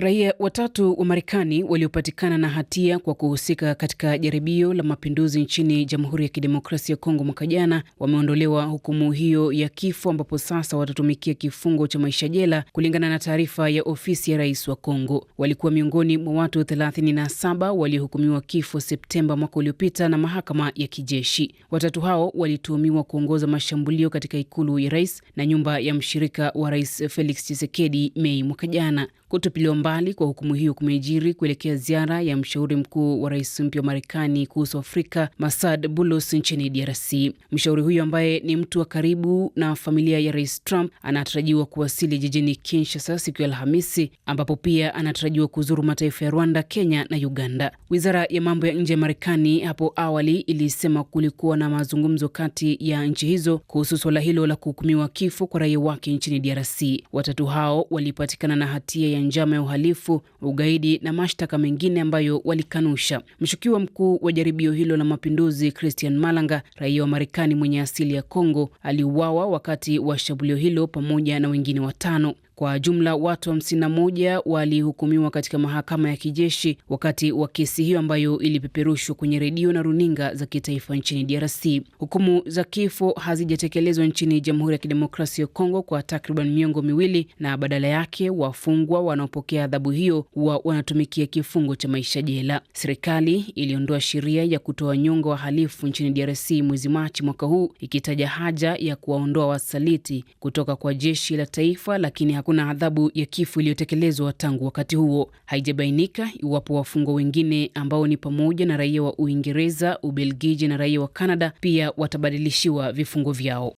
Raia watatu wa Marekani waliopatikana na hatia kwa kuhusika katika jaribio la mapinduzi nchini Jamhuri ya Kidemokrasia ya Kongo mwaka jana wameondolewa hukumu hiyo ya kifo, ambapo sasa watatumikia kifungo cha maisha jela, kulingana na taarifa ya ofisi ya rais wa Kongo. Walikuwa miongoni mwa watu 37 waliohukumiwa kifo Septemba mwaka uliopita na mahakama ya kijeshi. Watatu hao walituhumiwa kuongoza mashambulio katika ikulu ya rais na nyumba ya mshirika wa rais Felix Tshisekedi Mei mwaka jana. Kutupiliwa mbali kwa hukumu hiyo kumejiri kuelekea ziara ya mshauri mkuu wa rais mpya wa Marekani kuhusu Afrika, Masad Bulos, nchini DRC. Mshauri huyo ambaye ni mtu wa karibu na familia ya rais Trump anatarajiwa kuwasili jijini Kinshasa siku ya Alhamisi, ambapo pia anatarajiwa kuzuru mataifa ya Rwanda, Kenya na Uganda. Wizara ya mambo ya nje ya Marekani hapo awali ilisema kulikuwa na mazungumzo kati ya nchi hizo kuhusu suala hilo la kuhukumiwa kifo kwa raia wake nchini DRC. Watatu hao walipatikana na hatia ya ya njama ya uhalifu, ugaidi na mashtaka mengine ambayo walikanusha. Mshukiwa mkuu wa jaribio hilo la mapinduzi Christian Malanga, raia wa Marekani mwenye asili ya Kongo, aliuawa wakati wa shambulio hilo pamoja na wengine watano. Kwa jumla watu 51 wa walihukumiwa katika mahakama ya kijeshi wakati wa kesi hiyo ambayo ilipeperushwa kwenye redio na runinga za kitaifa nchini DRC. Hukumu za kifo hazijatekelezwa nchini Jamhuri ya Kidemokrasia ya Kongo kwa takriban miongo miwili, na badala yake wafungwa wanaopokea adhabu hiyo huwa wanatumikia kifungo cha maisha jela. Serikali iliondoa sheria ya kutoa wa wahalifu nchini DRC mwezi Machi mwaka huu, ikitaja haja ya kuwaondoa wasaliti kutoka kwa jeshi la taifa, lakini kuna adhabu ya kifo iliyotekelezwa tangu wakati huo. Haijabainika iwapo wafungwa wengine ambao ni pamoja na raia wa Uingereza, Ubelgiji na raia wa Kanada pia watabadilishiwa vifungo vyao.